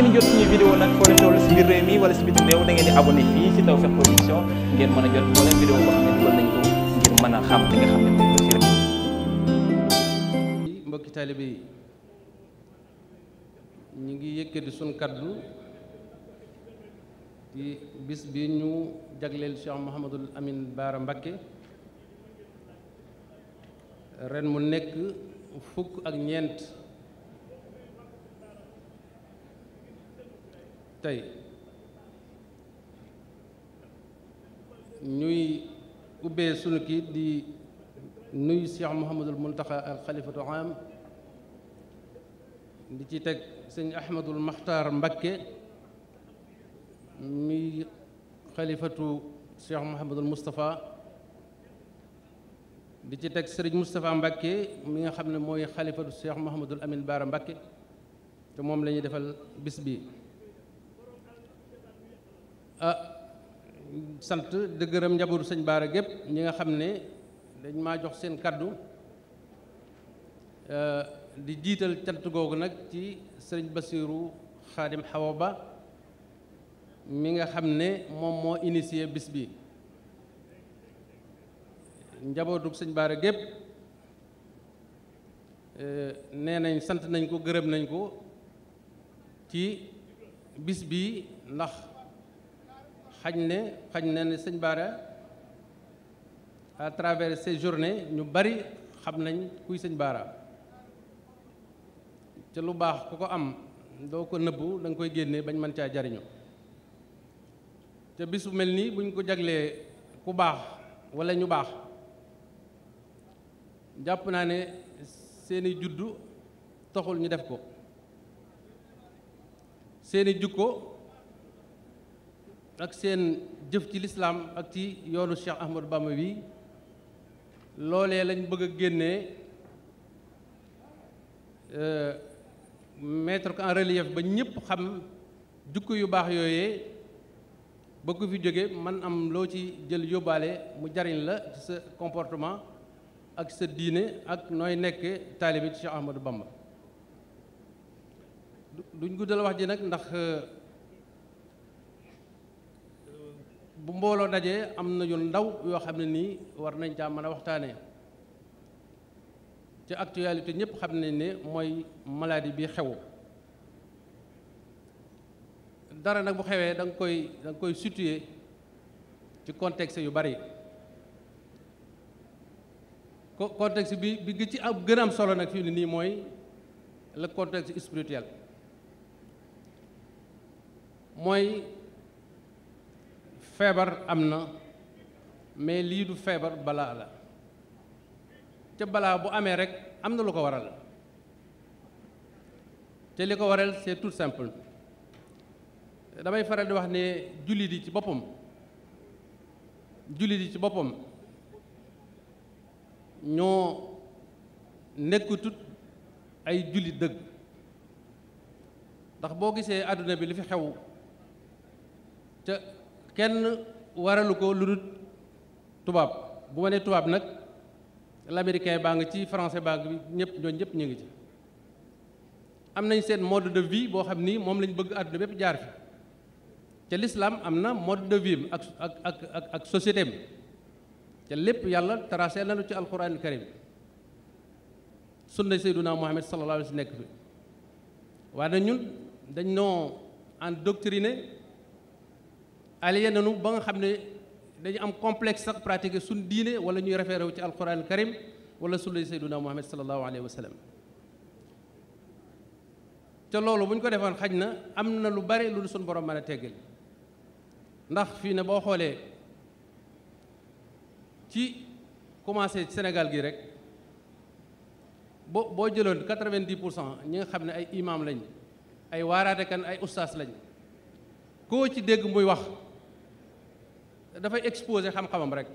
ngeen jot suñu vidéo nag foo leen toll si biir wala si biti réew da ngeen di abonné fii si Tawfekh ngeen mën a jot moo leen vidéo ne dugal mbokki taalibe ñu ngi yëkkati suñu kaddu ci bis bi ñu jagleel Cheikh Mouhamadul Amine Baara Mbacké ren mu nekk fukk ak ñeent. tey ñuy ubbee sunu kii di nuyu Cheikh Mouhamadul Muntaxa al xalifatu am di ci teg sëñ Ahmadul Maxtaar Mbakke muy xalifatu Cheikh Mouhamadul Moustapha di ci teg sëriñ Moustapha Mbakke mi nga xam ne mooy xalifatu Cheikh Mouhamadul Amin Baara Mbakke te moom lañuy defal bis bi ah sant di gërëm njabootu sëñ Baara gépp ñi nga xam ne dañ maa jox seen kàddu euh, di jiital cant googu nag ci sëriñ Basiiru Xaadim Xawa Ba mi nga xam ne moom moo initié bis bi njabootu sëñ Baara gépp euh, nee nañ sant nañ ko gërëm nañ ko ci bis bi ndax xañ ne xañ na ne sëñ Bara à travers ces ñu bari xam nañ kuy sëñ Bara te lu baax ku ko am doo ko nëbbu da koy génne bañ mën caa jariñu te bis bu mel nii buñ ko jaglee ku baax walla ñu baax jàpp naa ne seeni juddu taxul ñu def ko seeni jukko ak seen jëf ci lislaam ak ci yoonu Cheikh Ahmadou Bamba bi loolee lañ bëgg a génnee euh, mettre ko en relief ba ñëpp xam jukko yu baax yooyee ba ku fi jóge man am loo ci jël yóbbaale mu jariñ la ci sa comportement ak sa diine ak nooy nekk taalibe ci Cheikh Ahmadou Bamba duñ guddal wax ji nag ndax euh, bu mbooloo dajee am na yu ndaw yoo xam ne nii war nañ caa mën a waxtaanee ci actualité ñëpp xam nañ ne mooy maladie bi xew dara nag bu xewee danga koy da koy situer ci contexte yu bari ko contexte bi bi gi ci am gën solo nag fii ne nii mooy le contexte spirituel mooy feebar am na mais lii du feebar balaa la te balaa bu amee rek am na lu ko waral te li ko waral c'est tout simple damay faral di wax ne jullit yi ci boppam jullit yi ci boppam ñoo nekkatut ay jullit dëgg ndax boo gisee àdduna bi li fi xew ca kenn waralu ko lu dul tubaab bu ma nee tubaab nag l'américain baa ngi ci français baa ngi ñëpp ñooñu ñëpp ñu ngi ci am nañ seen mode de vie boo xam ni moom lañ bëgg àdduna bépp jaar fi ca l'islam am na mode de vie ak ak ak ak ak société am ca lépp yàlla tracé nañu ci alquran karim sunna sayyiduna Muhammad sallallahu alayhi wa sallam nekk fi waaye nag ñun dañ noo endoctriné aliyé nanu ba nga xam ne dañu am complex sax pratiquer suñ diine wala ñuy référé wu ci alquran karim wala sunna sayyiduna muhammad sallallahu alayhi wa sallam te loolu bu ñu ko defoon xaj na am na lu bari lu suñ borom mën a teggal ndax fii ne boo xoolee ci commencé Sénégal gi rek bo boo jëloon quatre pour cent ñi nga xam ne ay imam lañ ay waaraate kan ay ustaas lañ koo ci dégg muy wax dafay exposé xam-xamam rek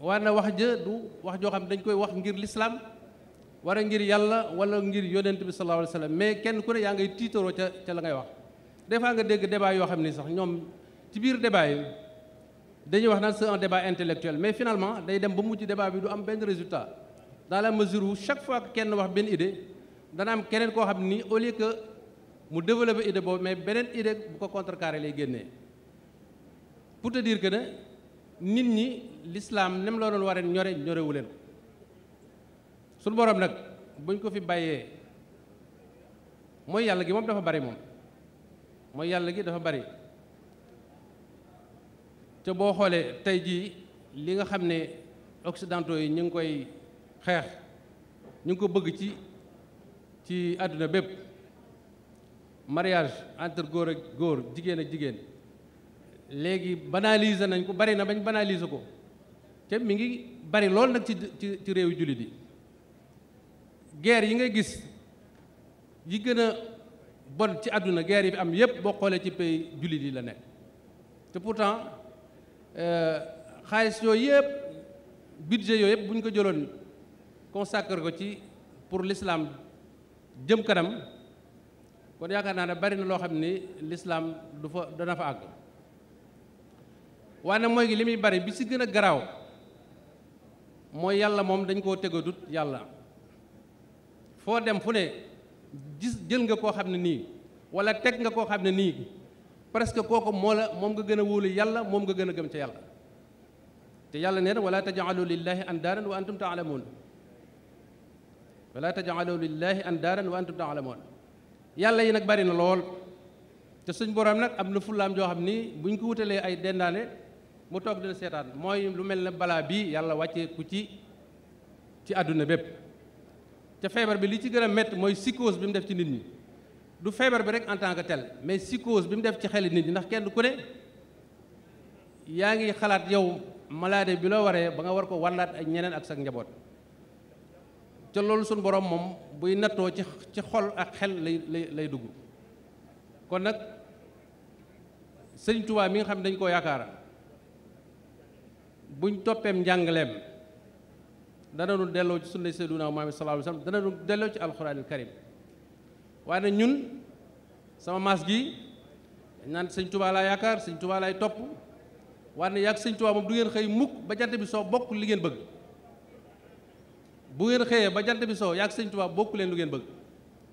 war na wax jë du wax joo xam ne dañ koy wax ngir lislaam wala ngir yàlla wala ngir yonent bi sallallahu alayhi wa sallam mais kenn ku ne yaa ngay tiitaroo ca ca la ngay wax des fois nga dégg débat yoo xam ni sax ñoom ci biir débat yi dañuy wax naan c'est un débat intellectuel mais finalement day dem ba mujj débat bi du am benn résultat dans la mesure où chaque fois que kenn wax benn idée dana am keneen koo xam ni au lieu que mu développé idée boobu mais beneen idée bu ko lay génnee pour te nit ñi lislaam nem la doon waree ñore ñorewu leen ko suñu boroom nag buñ ko fi bàyyee mooy yàlla gi moom dafa bari moom mooy yàlla gi dafa bari te boo xoolee tey jii li nga xam ne occidentaux yi ñu ngi koy xeex ñu ngi ko bëgg ci ci àdduna bépp mariage entre góor ak góor jigéen ak jigéen léegi banaliser nañ ko bari na bañ banaliser ko te mi ngi bari lool nag ci ci ci réew jullit yi guerre yi nga gis yi gën a bon ci àdduna guerre yi fi am yépp boo xoolee ci pays jullit yi la nekk te pourtant euh, xaalis yooyu yépp budget yooyu yépp bu ko jëloon consacré ko ci pour lislaam jëm kanam kon yaakaar naa ne bari na loo xam ni lislaam du fa dana fa àgg waaye nag mooy gi li muy bari bi ci gën a garaaw mooy yàlla moom dañ koo tegadut yàlla foo dem fu ne gis jël nga koo xam ne nii wala teg nga koo xam ne nii presque kooku moo la moom nga gën a wóolu yàlla moom nga gën a gëm ca yàlla te yàlla nee na wala tajaalu lillahi andaaran wa antum taalamuun wala tajaalu lillahi andaaran wa antum taalamuun yàlla yi nag bari na lool te suñ boroom nag am na fullaam joo xam ni buñ ko wutalee ay dendaane mu toog dina seetaan mooy lu mel ne balaa bii yàlla wàccee ku ci ci àdduna bépp te feebar bi li ci gën a mett mooy psychose bi mu def ci nit ñi du feebar bi rek en tant que tel mais psychose bi mu def ci xeli nit ñi ndax kenn ku ne yaa ngi xalaat yow malade bi la waree ba nga war ko wàllaat ak ñeneen ak sa njaboot te loolu suñ borom moom buy nattoo ci ci xol ak xel lay lay lay dugg kon nag sëñ Tuubaa mi nga xam ne dañ koo yaakaara buñ toppeem njàngaleem dana nu delloo ci sunna sayyidina Muhammad sallallahu alayhi sa dana nu delloo ci alxuraanil karim waaye ñun sama maas gi naan sëñ Tuubaa laa yaakaar sëñ Tuubaa laay topp waaye yàgg sëñ Tuubaa moom du ngeen xëy mukk ba jant bi soo bokk li ngeen bëgg bu ngeen xëyee ba jant bi soo yàgg sëñ Tuubaa bokk leen lu ngeen bëgg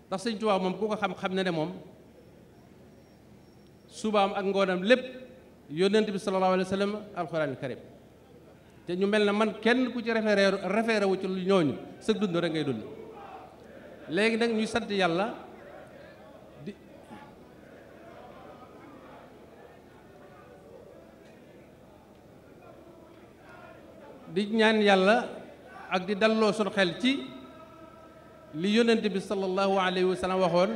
ndax sëñ Tuubaa moom ku ko xam-xam ne ne moom subaam ak ngoonam lépp yónnent bi sallallahu alayhi wa sallam alxuraanil karim te ñu mel ne man kenn ku ci référé référé wu ci ñooñu sëg dund rek ngay dund léegi nag ñuy sant yàlla di di ñaan yàlla ak di dalloo sun xel ci li yonent bi sallallahu alayhi wa sallam waxoon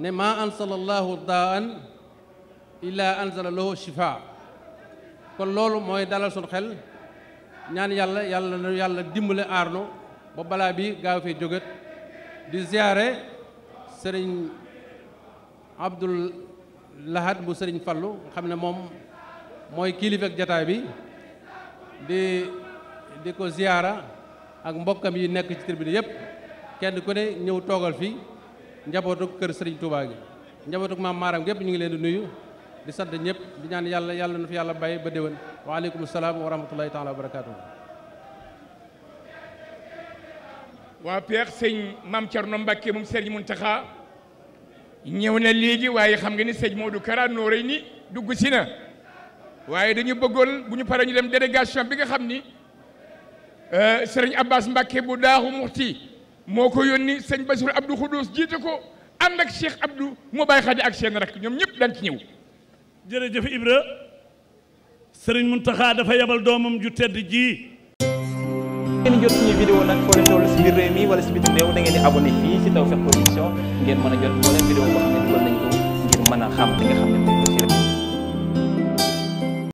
ne maa ansala allahu daan illa anzala lahu shifaa kon loolu mooy dalal suñu xel ñaan yàlla yàlla na yàlla dimbale aarno ba balaa bi gaaw fee jógat di ziare sëriñ Abdul Lahad bu sëriñ Fallu xam ne moom mooy kilifa ak jataay bi di di ko ziara ak mbokkam yi nekk ci tribune yëpp kenn ku ne ñëw toogal fi njabootuk kër sëriñ Touba gi njabootuk maam maaram gépp ñu ngi leen di nuyu di sant ñëpp du ñaan yàlla yàlla na fi yàlla bàyyi ba déwén waaleykum salaam wa rahmatullahi taala wa barakaatu. waa Peex sëñ Maam Thierno Mbacke moom Serigne Mountakha ñëw na léegi waaye xam nga ni sëñ Modou Kara Nooray ni dugg si na waaye dañu bëggoon bu ñu paree ñu dem délégation bi nga xam ni euh, Serigne Abbas Mbacke bu daaxu muxti moo ko yónni sëñ Bassirou Abdou Khoudous jiite ko ànd ak Cheikh Abdou mu bàyyi xadi ak seen rek ñoom ñëpp dañ ci ñëw. jërëjëf Ibra sëriñ Muntaxa dafa yebal doomam ju tedd ji. ngeen jot suñu vidéo nag foo leen toll si biir réew mi wala si biti réew da ngeen di abonné fii si ngeen mën a jot moo leen vidéo boo xam ne dugal ko ngir a xam li nga xam